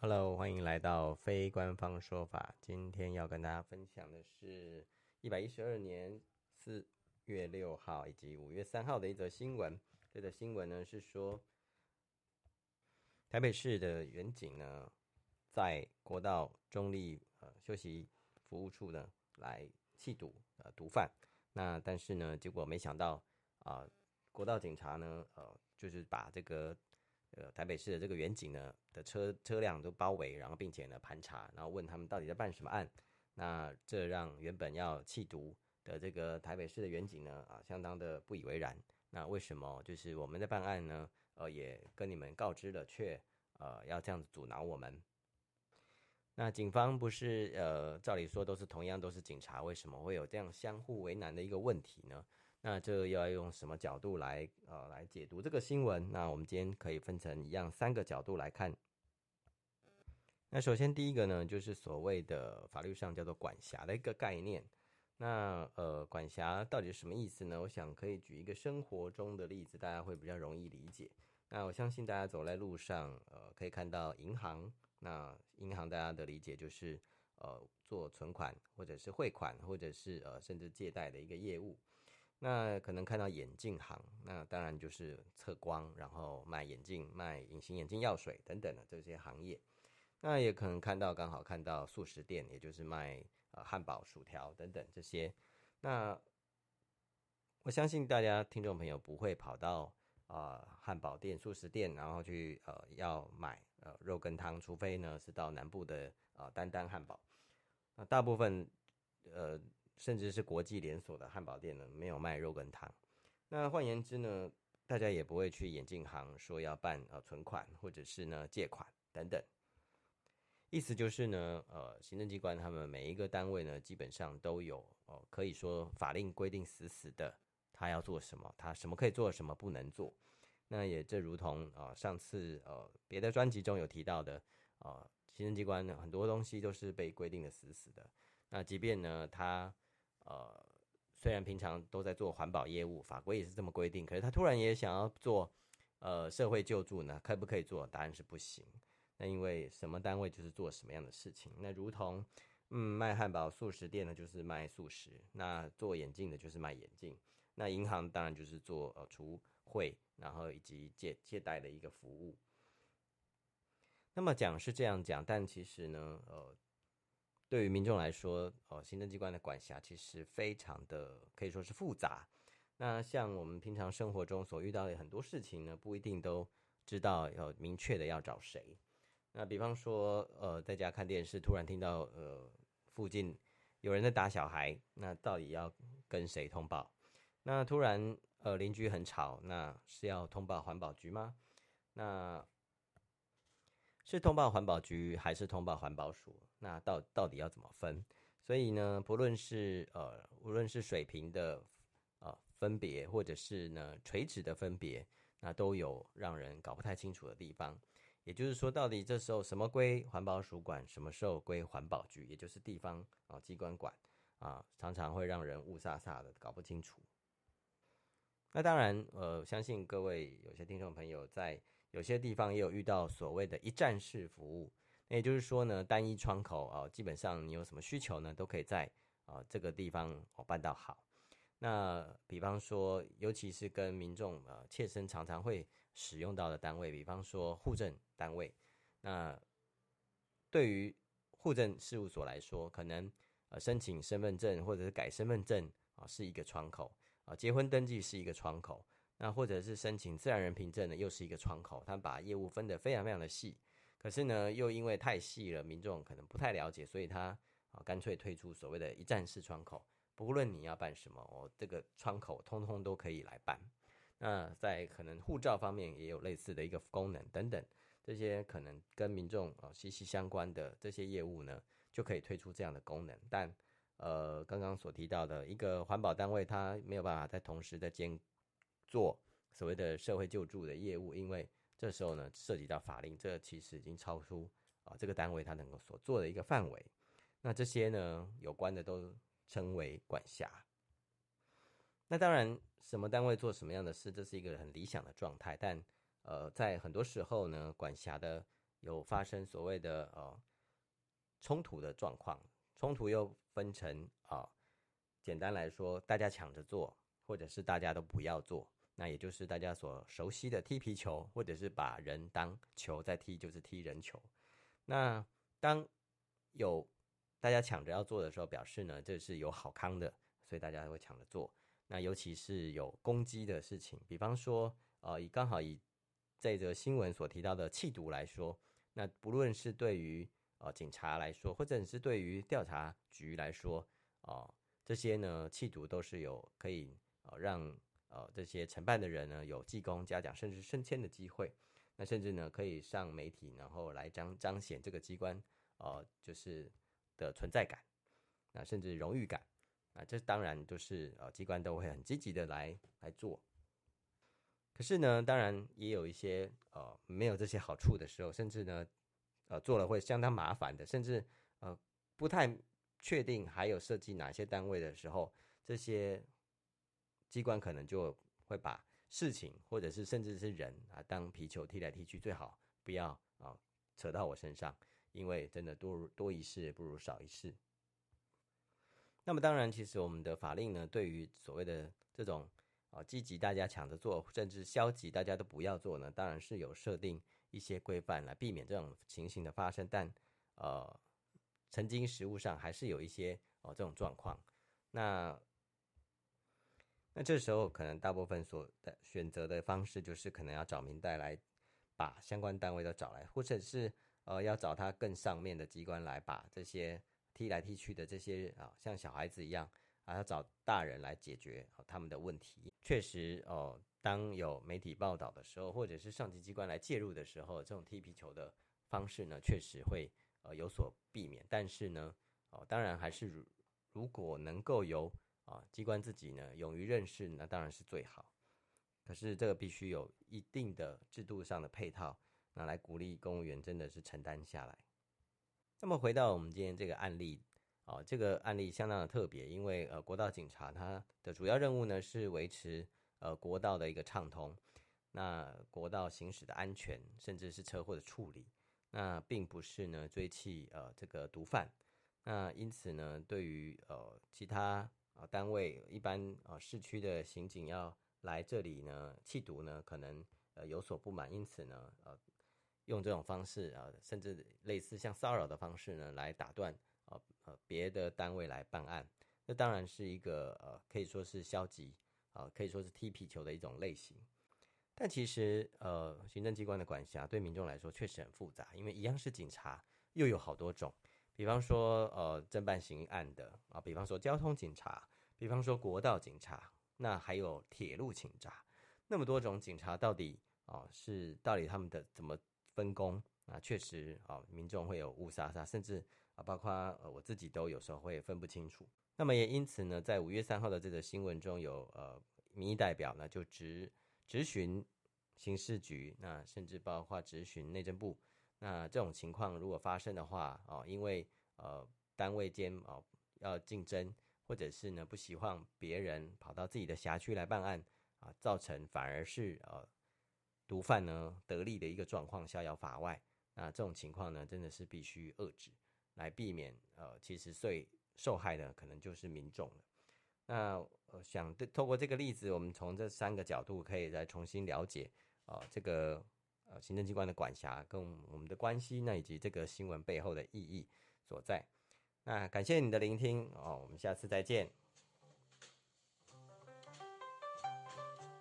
Hello，歡迎來到非官方說法。今天要跟大家分享的是，一百一十二年四月六號以及五月三號的一則新聞。這則新聞呢是說，台北市的員警呢，在國道中壢呃休息服務處呢來緝毒呃毒販。那但是呢，結果沒想到啊、呃，國道警察呢呃就是把這個。呃，台北市的這個員警呢的車車輛都包圍，然後並且呢盤查，然後問他們到底在辦什麼案。那這讓原本要緝毒的這個台北市的員警呢啊，相當的不以為然。那為什麼就是我們在辦案呢？呃，也跟你們告知了，卻呃要這樣子阻撓我們？那警方不是呃照理說都是同樣都是警察，為什麼會有這樣相互為難的一個問題呢？那這又要用什麼角度來呃來解讀這個新聞？那我們今天可以分成一樣三個角度來看。那首先第一個呢，就是所謂的法律上叫做管轄的一個概念。那呃，管轄到底是什麼意思呢？我想可以舉一個生活中的例子，大家會比較容易理解。那我相信大家走在路上，呃，可以看到銀行。那銀行大家的理解就是呃做存款或者是匯款或者是呃甚至借貸的一個業務。那可能看到眼鏡行，那當然就是測光，然後賣眼鏡、賣隱形眼鏡、藥水等等的這些行業。那也可能看到剛好看到速食店，也就是賣呃漢堡、薯條等等這些。那我相信大家聽眾朋友不會跑到啊、呃、漢堡店、速食店，然後去呃要買呃肉羹湯，除非呢是到南部的啊、呃、丹丹漢堡。那大部分呃。甚至是國際連鎖的漢堡店呢，沒有賣肉羹湯。那換言之呢，大家也不會去眼鏡行說要辦呃存款或者是呢借款等等。意思就是呢，呃，行政機關他們每一個單位呢，基本上都有哦、呃，可以說法令規定死死的，他要做什麼，他什麼可以做，什麼不能做。那也正如同啊、呃、上次呃別的專輯中有提到的啊、呃，行政機關呢很多東西都是被規定的死死的。那即便呢他。呃，雖然平常都在做環保業務，法規也是這麼規定，可是他突然也想要做呃社會救助呢，可不可以做？答案是不行。那因為什麼單位就是做什麼樣的事情。那如同嗯賣漢堡速食店呢，就是賣速食；那做眼鏡的，就是賣眼鏡；那銀行當然就是做呃儲匯，然後以及借借貸的一個服務。那麼講是這樣講，但其實呢，呃。對於民眾來說，呃、哦，行政機關的管轄其實非常的可以說是複雜。那像我們平常生活中所遇到的很多事情呢，不一定都知道要明確的要找誰。那比方說，呃，在家看電視，突然聽到呃附近有人在打小孩，那到底要跟誰通報？那突然呃鄰居很吵，那是要通報環保局嗎？那是通報環保局還是通報環保署？那到底到底要怎麼分？所以呢，不論是呃，無論是水平的、呃、分別，或者是呢垂直的分別，那都有讓人搞不太清楚的地方。也就是說，到底這時候什麼歸環保署管，什麼時候歸環保局，也就是地方啊呃、機關管啊、呃，常常會讓人霧煞煞的搞不清楚。那當然，呃，相信各位有些聽眾朋友在。有些地方也有遇到所謂的一站式服務，那也就是說呢，單一窗口啊、哦，基本上你有什麼需求呢，都可以在啊、哦、這個地方、哦、辦到好。那比方說，尤其是跟民眾呃切身常常會使用到的單位，比方說戶政單位，那對於戶政事務所來說，可能呃申請身份證或者是改身份證啊、哦、是一個窗口啊、哦，結婚登記是一個窗口。那或者是申請自然人憑證呢，又是一個窗口，他把業務分得非常非常的細，可是呢，又因為太細了，民眾可能不太了解，所以他啊、哦、乾脆推出所謂的一站式窗口，不論你要辦什麼，哦，這個窗口通通都可以來辦。那在可能護照方面也有類似的一個功能等等，這些可能跟民眾啊、哦、息息相關的這些業務呢，就可以推出這樣的功能。但呃，剛剛所提到的一個環保單位，他沒有辦法在同時在監。做所謂的社會救助的業務，因為這時候呢，涉及到法令，這其實已經超出啊、呃、這個單位它能夠所做的一個範圍。那這些呢有關的都稱為管轄。那當然，什麼單位做什麼樣的事，這是一個很理想的狀態。但呃，在很多時候呢，管轄的有發生所謂的呃衝突的狀況，衝突又分成啊、呃，簡單來說，大家搶着做，或者是大家都不要做。那也就是大家所熟悉的踢皮球，或者是把人當球在踢，就是踢人球。那當有大家搶着要做的時候，表示呢，這是有好康的，所以大家會搶着做。那尤其是有攻擊的事情，比方說呃，以剛好以這則新聞所提到的緝毒來說，那不論是對於呃警察來說，或者是對於調查局來說，啊、呃、這些呢緝毒都是有可以呃讓。呃，這些承辦的人呢，有記功、嘉獎，甚至升遷的機會。那甚至呢，可以上媒體，然後來彰彰顯這個機關，呃，就是的存在感，那甚至榮譽感。那這當然都、就是呃機關都會很積極的來來做。可是呢，當然也有一些呃沒有這些好處的時候，甚至呢，呃做了會相當麻煩的，甚至呃不太確定還有涉及哪些單位的時候，這些。機關可能就會把事情，或者是甚至是人啊，當皮球踢來踢去，最好不要啊、呃、扯到我身上，因為真的多多一事不如少一事。那麼當然，其實我們的法令呢，對於所謂的這種啊、呃、積極大家搶着做，甚至消極大家都不要做呢，當然是有設定一些規範來避免這種情形的發生。但呃，曾經實務上還是有一些啊、呃、這種狀況，那。那這時候可能大部分所的選擇的方式就是可能要找民代來，把相關單位都找來，或者是呃要找他更上面的機關來把這些踢來踢去的這些啊、哦、像小孩子一樣啊要找大人來解決、哦、他們的問題。確實哦，當有媒體報道的時候，或者是上級機關來介入的時候，這種踢皮球的方式呢，確實會呃有所避免。但是呢，哦當然還是如如果能夠由啊，機關自己呢，勇於任事，那當然是最好。可是這個必須有一定的制度上的配套，那來鼓勵公務員真的是承擔下來。那麼回到我們今天這個案例，啊、哦，這個案例相當的特別，因為呃，國道警察他的主要任務呢是維持呃國道的一個暢通，那國道行駛的安全，甚至是車禍的處理，那並不是呢追緝呃這個毒販。那因此呢，對於呃其他。啊，單位一般啊、呃，市區的刑警要來這裡呢，緝毒呢，可能呃有所不滿，因此呢，呃，用這種方式啊、呃，甚至類似像騷擾的方式呢，來打斷啊呃，呃別的單位來辦案，那當然是一個呃可以說是消極啊、呃，可以說是踢皮球的一種類型。但其實呃，行政機關的管轄對民眾來說確實很複雜，因為一樣是警察，又有好多種。比方說，呃，偵辦刑案的啊，比方說交通警察，比方說國道警察，那還有鐵路警察，那麼多種警察到底啊、哦、是到底他們的怎麼分工啊？確實啊、哦，民眾會有誤殺殺，甚至啊，包括、呃、我自己都有時候會分不清楚。那麼也因此呢，在五月三號的這個新聞中有，有呃民意代表呢，就質、質詢刑事局，那甚至包括質詢內政部。那這種情況如果發生的話，哦，因為呃單位間哦要競爭，或者是呢不希望別人跑到自己的轄區來辦案啊，造成反而是呃毒販呢得利的一個狀況，逍遙法外。那這種情況呢，真的是必須遏制，來避免呃其實最受害的可能就是民眾了。那、呃、想透過這個例子，我們從這三個角度可以再重新了解啊、呃、這個。呃，行政機關的管轄跟我們的關係，那以及這個新聞背後的意義所在。那感謝你的聆聽哦，我們下次再見。